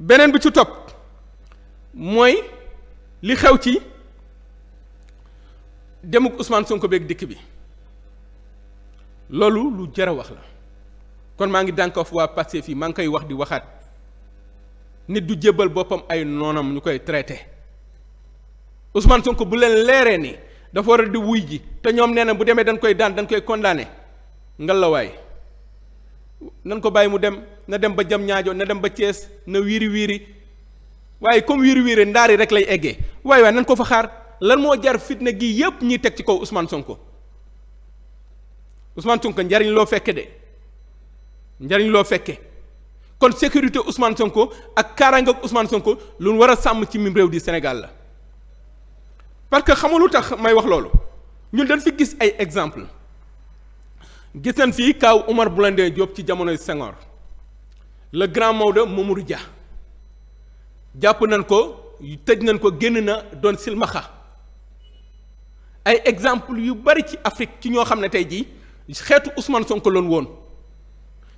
beneen bi ci topp mooy li xew ci demuk Ousmane Sonko beeg dikk bi loolu lu jar a wax la kon maa ngi dànkoof waa Pastef fii maa ngi koy wax di waxaat nit du jébbal boppam ay noonam ñu koy traité Ousmane Sonko bu leen leeree ni dafa war a di wuy ji te ñoom nee na bu demee dañ koy daan dañ koy condamné ngalawaay nan ko bàyyi mu dem na dem ba jam ñaajo na dem ba Thiès na wiiri wiiri waaye comme wiiri wiiri ndaari rek lay eggee waaye waaye nan ko fa xaar lan moo jar fitna gi yépp ñuy teg ci kaw Ousmane Sonko Ousmane Sonko njariñ loo fekke de njariñ loo fekke kon sécurité Ousmane Sonko ak kaaraange ak Sonko lu war a sàmm ci mim réew di Sénégal la parce que xamalu tax may wax loolu ñun dañ fi gis ay exemple gis nañ fii kaw Omar Blondin Diop ci jamonoy Senghor le grand Maodo Mamadou Dia jàpp nañ ko tëj nañ ko génn na doon silmaxa ay exemple yu bari ci Afrique ci ñoo xam ne tey jii xeetu Ousmane Sonko loon woon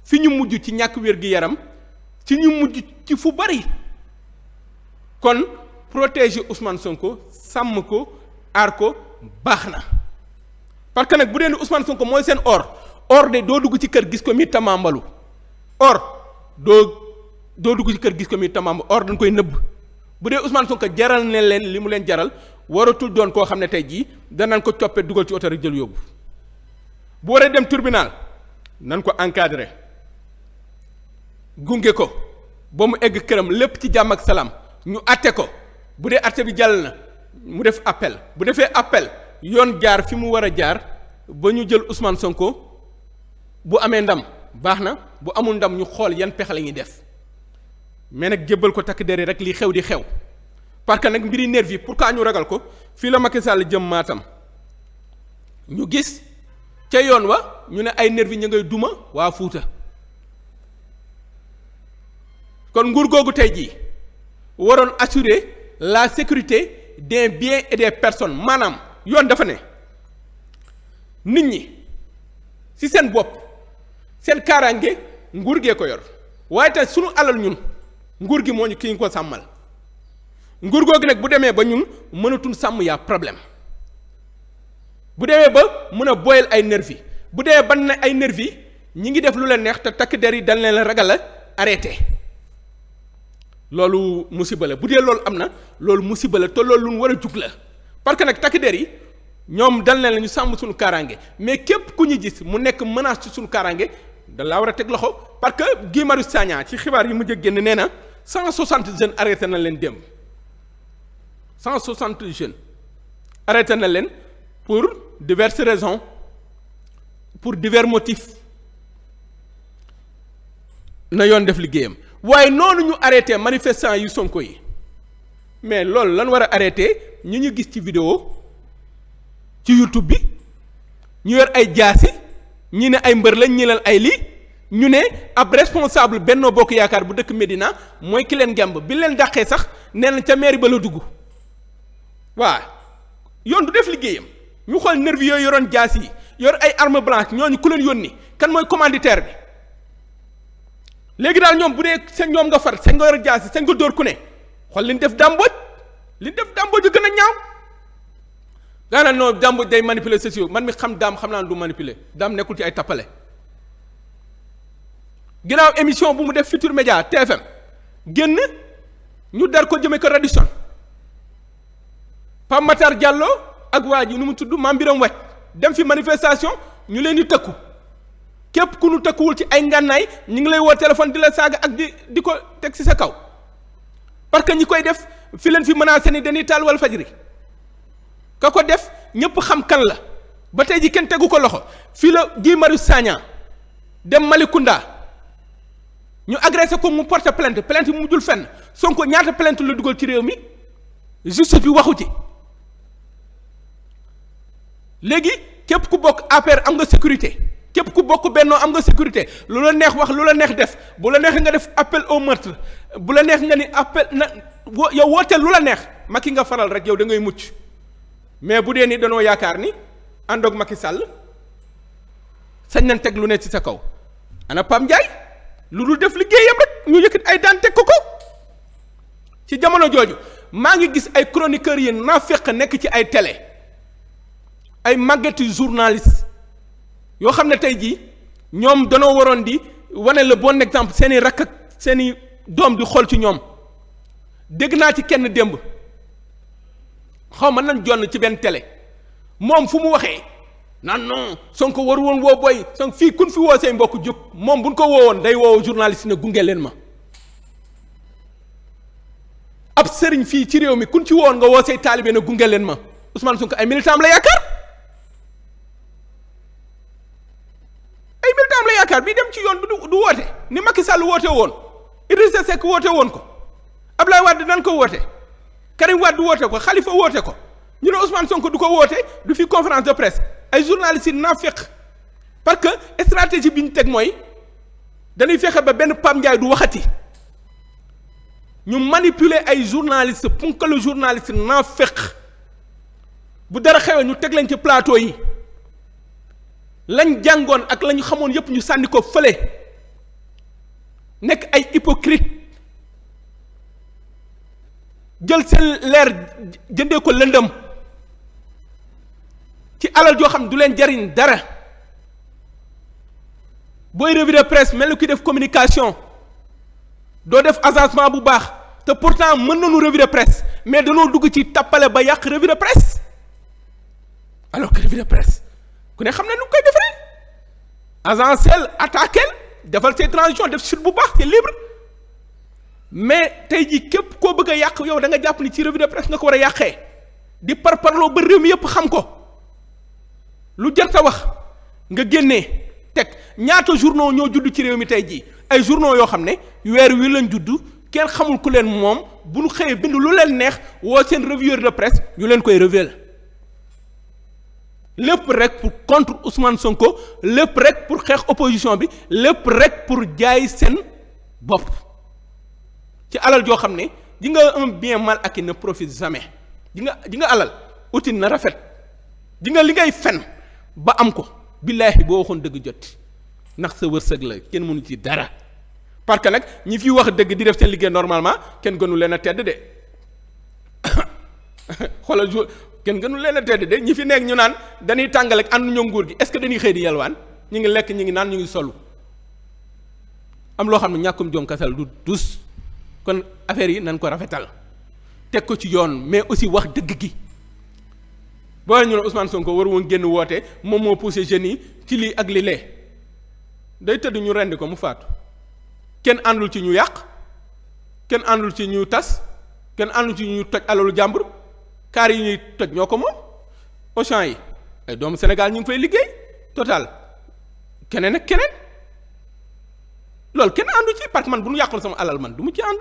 fi ñu mujj ci ñàkk wér gi yaram ci ñu mujj ci fu bari kon protéger Ousmane Sonko sàmm ko aar ko baax na parce que nag bu dee ni Ousmane Sonko mooy seen or or de doo dugg ci kër gis ko mi tamambalu or doo doo dugg ci kër gis ko mii tamambalu or dañ koy nëbb bu dee Ousmane Sonko jaral ne leen li mu leen jaral waratul doon koo xam ne tey jii danañ ko coppe dugal ci oto rek jël yóbbu bu waree dem tribunal nan ko encadré gunge ko ba mu egg këram lépp ci jàmm ak salaam ñu atte ko bu dee atte bi jàll na mu def appel bu defee appel yoon jaar fi mu war a jaar ba ñu jël Ousmane Sonko bu amee ndam baax na bu amul ndam ñu xool yan pexe la ñuy def mais nag jébbal ko takk deri rek li xew di xew parce que nag mbiri nervi pourquoi ñu ragal ko fii la Macky Sall jëm maatam ñu gis ca yoon wa ñu ne ay nervi ñu ngay duma waa Fuuta kon nguur googu tey jii waroon assurer la sécurité des bien et des personnes maanaam yoon dafa ne nit ñi ci seen bopp seen kaaraange nguur gee ko yor waaye te sunu alal ñun nguur gi moo ñu ki ñu ko sàmmal nguur googu nag bu demee ba ñun mënatuñ sàmm yaa problème bu demee ba mun a boyal ay nervi bu demee ban na ay nervi ñi ngi def lu leen neex te takk der yi dal leen la ragal a arrêté loolu musiba la bu dee loolu am na loolu musiba la te loolu lu war a jug la parce que nag takk der yi ñoom dal leen la ñu sàmm suñu kaaraange mais képp ku ñu gis mu nekk menace ci suñu kaaraange da laa war a teg loxo parce que Guy Marius ci xibaar yi mu jëg génn nee na cent soixante jeunes arrêté na leen démb cent soixante jeunes arrêté na leen pour diverses raison pour divers motifs na yoon def liggéeyam waaye noonu ñu arrêté manifestant yu Sonko yi mais loolu lan war a arrêté ñu ñu gis ci vidéo ci YouTube bi ñu yor ay jaasi ñi ne ay mbër lañ ñi leen ay lii ñu ne ab responsable Benno Bokk Yaakaar bu dëkk Medina mooy ki leen gemb bi leen dàqee sax nee na ca mairie ba la dugg waa yoon du def liggéeyam ñu xool nervi yooyu yoroon jaas yi yor ay arme blanche ñooñu ku leen yónni kan mooy commanditaire bi léegi daal ñoom bu dee seen ñoom nga far seen nga yor jaas yi seen nga dóor ku ne xool li ñu def dàmbooj li ñu def dàmbooj a gën a ñaaw daa noo non jàmbur day manipuler sociaux man mi xam daam xam naa du manipuler daam nekkul ci ay tappale ginnaaw émission bu mu def Futurs Médias TFM génn ñu dar ko jëme ko Radisson Pape Matar Diallo ak waa ji nu mu tudd Mame Birame Wathie dem fi manifestation ñu leen di tëkku képp ku nu tëkkuwul ci ay ngànnaay ñu ngi lay woo téléphone di la saaga ak di di ko teg ci sa kaw parce que ñi koy def fi leen fi menacé ni dañuy taal Walfadjri ka ko def ñëpp xam kan la ba tey ji kenn tegu ko loxo fii la Guy Marius Sagna dem Malicounda ñu agressé ko mu porte plainte plainte mu mujjul fenn Sonko ñaata plainte la dugal ci réew mi justice bi waxu ci léegi képp ku bokk APR am nga sécurité képp ku bokk bennoo am nga sécurité lu la neex wax lu la neex def bu la neex nga def appel au meurtre bu la neex nga ni appel na yow wooteel lu la neex Macky nga faral rek yow da ngay mucc mais bu dee ni danoo yaakaar ni ànd ak Macky sàll sañ nañ teg lu ne ci sa kaw ana Pam Ndiaye lu dul def liggéeyam rek ñu yëkkat ay daan teg ko ko ci jamono jooju maa ngi gis ay chroniqueurs yi naafeq nekk ci ay tele ay màggeti journaliste yoo xam ne tey jii ñoom danoo waroon di wane la bon exemple seen i rakk ak seen doom di xool ci ñoom dégg naa ci kenn démb. xaw ma nan jonn ci benn tele moom fu mu waxee nan non Sonko waru woon woo booy Sonko fii kun fi woo say mbokk jóg moom buñ ko woowoon day woow journaliste ne gunge leen ma ab sëriñ fii ci réew mi kun ci woon nga woo say taalibe na gunge leen ma Ousmane Sonko ay militant am la yaakaar ay militant la yaakaar bii dem ci yoon bi du du woote ni Macky sàll woote woon Idrissa Seck woote woon ko Ablaye Wade nan ko woote Karim Wade woote ko xalifa woote ko ñu ne Ousmane Sonko du ko woote du fi conférence de presse ay journalistes yi naafeq parce que stratégie bi ñu teg mooy dañuy fexe ba benn Pape Ndiaye du waxati ñu manipuler ay journalistes punkalu journaliste naafeq bu dara xewee ñu teg leen ci plateau yi lañ jàngoon ak la ñu xamoon yépp ñu sànni ko fële nekk ay hypocrite jël seen leer jëndee ko lëndëm ci alal joo xam du leen jariñ dara booy revue de mel ni kuy def communication doo def agencement bu baax te pourtant mën na revue de presse mais danoo dugg ci tappale ba yàq revue de presse alors que revue de presse ku ne xam na nu koy defee agenceel attaqueel defal say transition def suite bu baax c'est libre mais tey jii képp koo bëgg a yàq yow da nga jàpp ni ci revue de presse nga ko war a yàqee di parparloo ba réew mi yëpp xam ko lu sa wax nga génnee teg ñaata journaux ñoo judd ci réew mi tey jii ay journaux yoo xam ne weer wi lañ juddu kenn xamul ku leen moom bu ñu xëyee bind lu leen neex woo seen revue de presse ñu leen koy revel lépp rek pour contre Ousmane Sonko lépp rek pour xeex opposition bi lépp rek pour jaay seen bopp. ci alal joo xam ne di nga un bien mal acquis ne profite jamais di nga di nga alal outil na rafet di nga li ngay fen ba am ko billaahi boo waxoon dëgg jot ndax sa wërsëg la kenn mënu ci dara parce que nag ñi fi wax dëgg di def seen liggéey normalement kenn gënu leen a tedd de xoolal jour kenn gënu leen a tedd de ñi fi nekk ñu naan dañuy tàngale ak ànd ñoo nguur gi est-ce que dañuy xëy di yalwaan ñu ngi lekk ñu ngi naan ñu ngi solu am loo xam ne ñàkkum jom kasal du dus kon affaire yi nañ ko rafetal teg ko ci yoon mais aussi wax dëgg gi boo ñu ne Ousmane ko war woon génn woote moom moo poussé jeunes yi ci lii ak li lee day tëdd ñu rendi ko mu faatu kenn àndul ci ñu yàq kenn àndul ci ñu tas kenn àndul ci ñu toj alalu jàmbur kaar yi ñuy toj ñoo ko moom Auchan yi ay doomu Sénégal ñu ngi fay liggéey total keneen ak keneen. loolu kenn àndu ci parce que man bu ñu yàqul sama alal man du mu ci ànd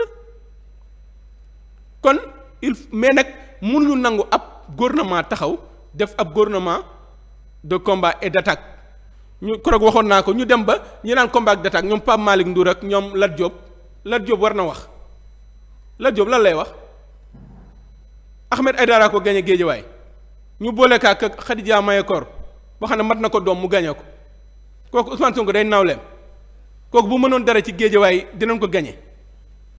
kon il mais nag mënuñu nangu ab gouvernement taxaw def ab gouvernement de combat et d'attaque ñu keroog waxoon naa ko ñu dem ba ñu naan combat ak d'attaque ñoom Pape Malick Ndour ak ñoom Lat joob Lat Diop war na wax Lat joob lan lay wax Ahmed Aïdara ko gañe Géejawaay ñu boole ka ak Khadija Mahécor boo xam ne mat na ko doom mu gañe ko kooku Ousmane Sonko day nawleem kooku bu mënoon dara ci géejawaay dinañ ko gañe